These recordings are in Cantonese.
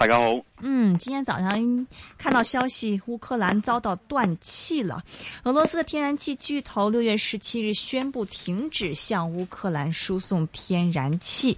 大家好。嗯，今天早上看到消息，烏克蘭遭到斷氣了。俄羅斯的天然氣巨頭六月十七日宣布停止向烏克蘭輸送天然氣。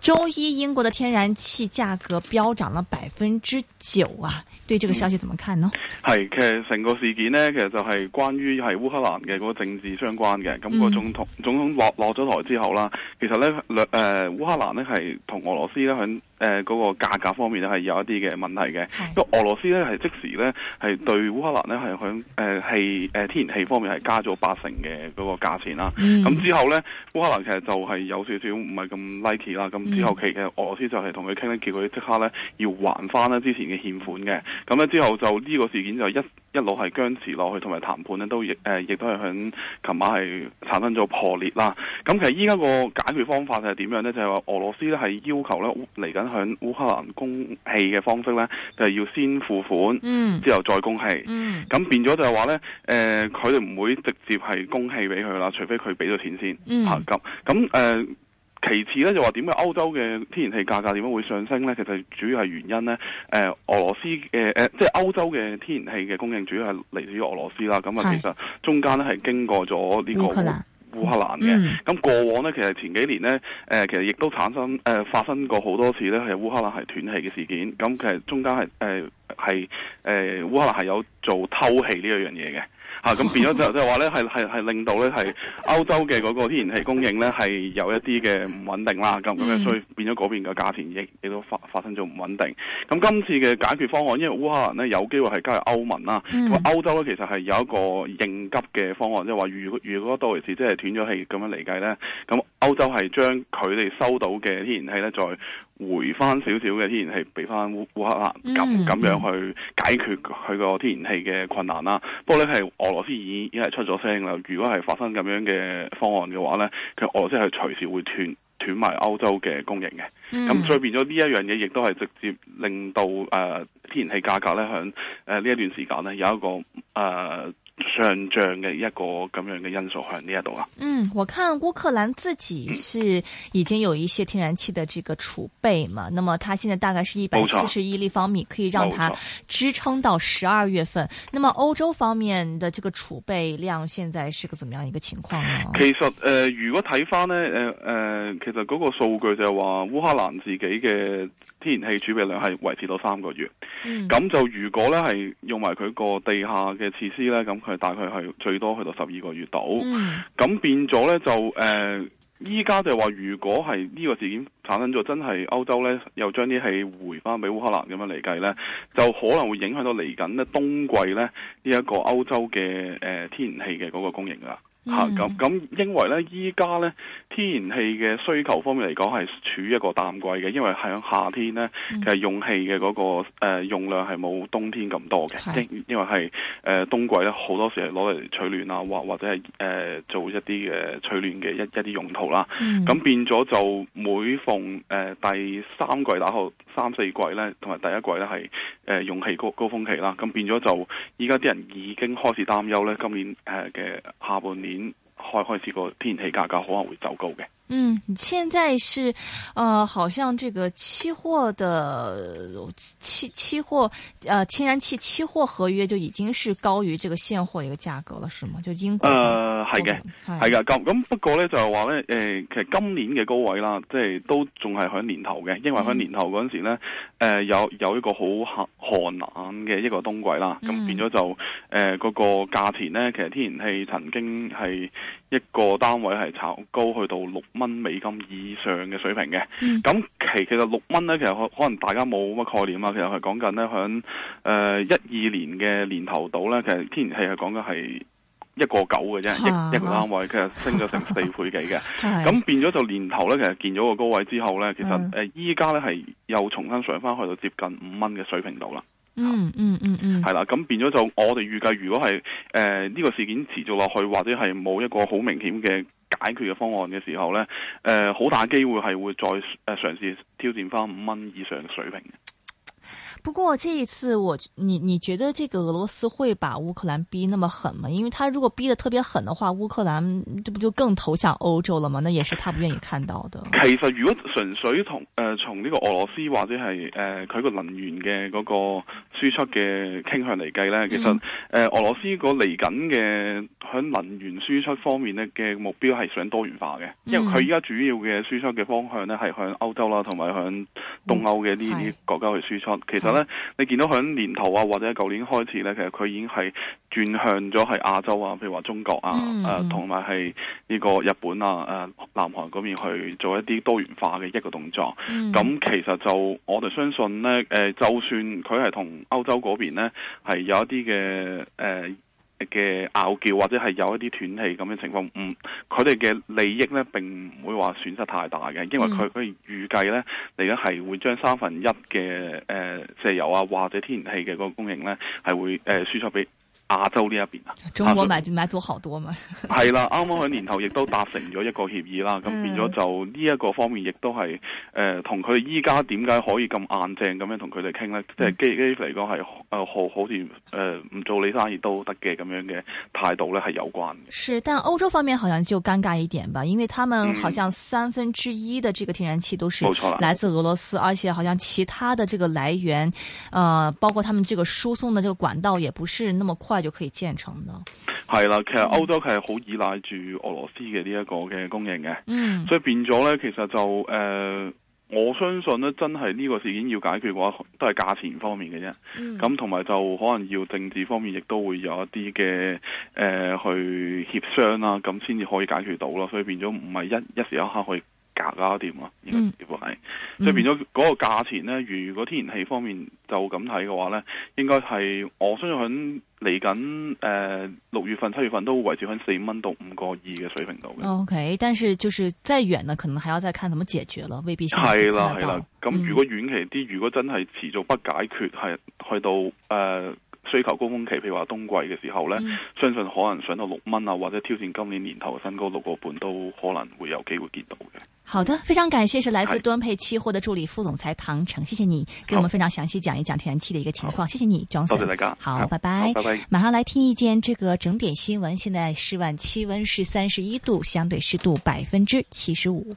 周一，英國的天然氣價格飆漲了百分之九啊！對這個消息怎麼看呢？係、嗯、其實成個事件呢，其實就係關於係烏克蘭嘅個政治相關嘅。咁、那個總統總統落落咗台之後啦，其實呢，誒、呃、烏克蘭呢，係同俄羅斯呢，喺誒嗰個價格方面咧係。有一啲嘅問題嘅，是因為俄羅斯咧係即時咧係對烏克蘭咧係響誒係誒天然氣方面係加咗八成嘅嗰個價錢啦，咁、嗯、之後咧烏克蘭其實就係有少少唔係咁 like 啦，咁之後其實俄羅斯就係同佢傾咧叫佢即刻咧要還翻咧之前嘅欠款嘅，咁咧之後就呢個事件就一一路係僵持落去，同埋談判咧都亦誒、呃，亦都係響琴晚係產生咗破裂啦。咁其實依家個解決方法就係點樣咧？就係、是、話俄羅斯咧係要求咧嚟緊向烏克蘭供氣嘅方式咧，就係、是、要先付款，嗯、之後再供氣。咁、嗯、變咗就係話咧，誒佢哋唔會直接係供氣俾佢啦，除非佢俾咗錢先、嗯、啊。咁咁誒。呃其次咧就話點解歐洲嘅天然氣價格點樣會上升咧？其實主要係原因咧，誒、呃、俄羅斯嘅誒、呃、即係歐洲嘅天然氣嘅供應主要係嚟自於俄羅斯啦。咁啊是其實中間咧係經過咗呢個烏克蘭嘅。咁、嗯、過往咧其實前幾年咧誒、呃、其實亦都產生誒、呃、發生過好多次咧係烏克蘭係斷氣嘅事件。咁其實中間係誒係誒烏克蘭係有做偷氣呢樣嘢嘅。 啊，咁變咗就就係話咧，係係係令到咧係歐洲嘅嗰個天然氣供應咧係有一啲嘅唔穩定啦，咁咁樣所以變咗嗰邊嘅價錢亦亦都發發生咗唔穩定。咁今次嘅解決方案，因為烏克蘭咧有機會係加入歐盟啦，咁、嗯、歐洲咧其實係有一個應急嘅方案，即係話如如果多維斯即係斷咗氣咁樣嚟計咧，咁歐洲係將佢哋收到嘅天然氣咧再。回翻少少嘅天然氣俾翻烏克蘭，咁咁樣去解決佢個天然氣嘅困難啦。不過咧係俄羅斯已經係出咗聲啦。如果係發生咁樣嘅方案嘅話咧，其實俄羅斯係隨時會斷斷埋歐洲嘅供應嘅。咁再、嗯、變咗呢一樣嘢，亦都係直接令到誒、呃、天然氣價格咧響誒呢、呃、一段時間咧有一個誒。呃上漲嘅一個咁樣嘅因素喺呢一度啊。嗯，我看烏克蘭自己是已經有一些天然氣的這個儲備嘛，那麼它現在大概是一百四十億立方米，可以讓它支撐到十二月份。沒錯。那麼歐洲方面的這個儲備量現在是個怎麼樣一個情況啊、呃呃呃？其實誒，如果睇翻呢，誒誒，其實嗰個數據就係話烏克蘭自己嘅天然氣儲備量係維持到三個月，咁、嗯、就如果呢係用埋佢個地下嘅設施呢，咁佢。大概係最多去到十二個月度，咁、嗯、變咗呢。就誒，依、呃、家就話如果係呢個事件產生咗，真係歐洲呢，又將啲氣回翻俾烏克蘭咁樣嚟計呢，就可能會影響到嚟緊咧冬季呢，呢、這、一個歐洲嘅誒、呃、天然氣嘅嗰個供應啊。吓，咁咁，mm hmm. 啊，因為咧，依家咧，天然氣嘅需求方面嚟講，係處於一個淡季嘅，因為響夏天咧，mm hmm. 其實用氣嘅，那個誒，呃，用量係冇冬天咁多嘅 Yes.，因因為係誒，呃，冬季咧，好多時係攞嚟取暖啊，或或者係誒，呃，做一啲嘅，呃，取暖嘅一一啲用途啦。咁，mm hmm. 變咗就每逢誒，呃，第三季打後三四季咧，同埋第一季咧係誒用氣高高峰期啦。咁變咗就依家啲人，人已經開始擔憂咧，今年誒嘅下半年。開開始個天氣價格可能會走高嘅。嗯，現在是，呃，好像這個期貨的期期貨，呃，天然氣期貨合約就已經是高於這個現貨一個價格了，是嗎？就英國。呃係嘅，係噶咁咁。不過咧就係話咧，誒、呃，其實今年嘅高位啦，即係都仲係喺年頭嘅，因為喺年頭嗰陣時咧，誒、呃、有有一個好寒冷嘅一個冬季啦，咁、mm. 變咗就誒嗰、呃那個價錢咧，其實天然氣曾經係一個單位係炒高去到六蚊美金以上嘅水平嘅。咁其、mm. 其實六蚊咧，其實可能大家冇乜概念啊。其實係講緊咧，響誒一二年嘅年頭度咧，其實天然氣係講緊係。一個九嘅啫， 一一個單位，其實升咗成四倍幾嘅，咁 變咗就年頭咧，其實見咗個高位之後咧，其實誒依家咧係又重新上翻去到接近五蚊嘅水平度啦。嗯嗯嗯嗯，係啦，咁變咗就我哋預計，如果係誒呢個事件持續落去，或者係冇一個好明顯嘅解決嘅方案嘅時候咧，誒、呃、好大機會係會再誒嘗試挑戰翻五蚊以上嘅水平。不過這一次我你你覺得這個俄羅斯會把烏克蘭逼那麼狠嗎？因為他如果逼得特別狠的話，烏克蘭這不就更投向歐洲了嗎？那也是他不願意看到的。其實如果純粹從誒、呃、從呢個俄羅斯或者係誒佢個能源嘅嗰個輸出嘅傾向嚟計呢，其實誒、嗯呃、俄羅斯個嚟緊嘅響能源輸出方面咧嘅目標係想多元化嘅，嗯、因為佢依家主要嘅輸出嘅方向咧係向歐洲啦，同埋向東歐嘅呢啲國家去輸出，其實。你見到喺年頭啊，或者舊年開始呢，其實佢已經係轉向咗係亞洲啊，譬如話中國啊，誒、mm，同埋係呢個日本啊，誒、啊，南韓嗰邊去做一啲多元化嘅一個動作。咁、mm hmm. 其實就我哋相信呢，誒、呃，就算佢係同歐洲嗰邊呢，係有一啲嘅誒，呃嘅拗撬或者係有一啲斷氣咁嘅情況，唔、嗯，佢哋嘅利益呢，並唔會話損失太大嘅，因為佢佢預計呢，嚟緊係會將三分一嘅誒石油啊或者天然氣嘅嗰個供應呢，係會誒、呃、輸出俾。亞洲呢一邊啊，中國買洲買咗好多嘛，係啦了，啱啱喺年頭亦都達成咗一個協議啦，咁 變咗就呢一個方面亦都係，誒、呃，同佢依家點解可以咁硬正咁樣同佢哋傾呢？嗯、即係基基嚟講係，誒、呃，好好似誒唔做你生意都得嘅咁樣嘅態度咧係有關嘅。是，但歐洲方面好像就尷尬一點吧，因為他們好像三分之一的這個天然氣都是冇錯啦，來自俄羅斯，而且好像其他的這個來源，誒、呃，包括他們這個輸送的這個管道也不是那麼快。就可以建成，係啦，其實歐洲係好依賴住俄羅斯嘅呢一個嘅供應嘅，嗯，所以變咗呢。其實就誒、呃，我相信呢，真係呢個事件要解決嘅話，都係價錢方面嘅啫，咁同埋就可能要政治方面亦都會有一啲嘅誒去協商啦，啊，咁先至可以解決到咯，所以變咗唔係一一時一刻可以。價啦，點啊？應該基本係，所、嗯、以變咗嗰個價錢咧。如果天然氣方面就咁睇嘅話咧，應該係我相信嚟緊誒六月份、七月份都會維持喺四蚊到五個二嘅水平度嘅。OK，但是就是再遠呢，可能還要再看怎麼解決了，未必係啦係啦。咁、嗯、如果遠期啲，如果真係持續不解決，係去到誒。呃需求高峰期，譬如話冬季嘅時候呢，嗯、相信可能上到六蚊啊，或者挑戰今年年頭嘅新高六個半都可能會有機會見到嘅。好的，非常感謝，是來自敦沛期貨的助理副總裁唐成，謝謝你，好給我們非常詳細講一講天然氣的一個情況。好謝謝你，莊總，多謝大家，好，拜拜，拜拜。Bye bye 馬上來聽一件這個整點新聞，現在室外氣溫是三十一度，相對濕度百分之七十五。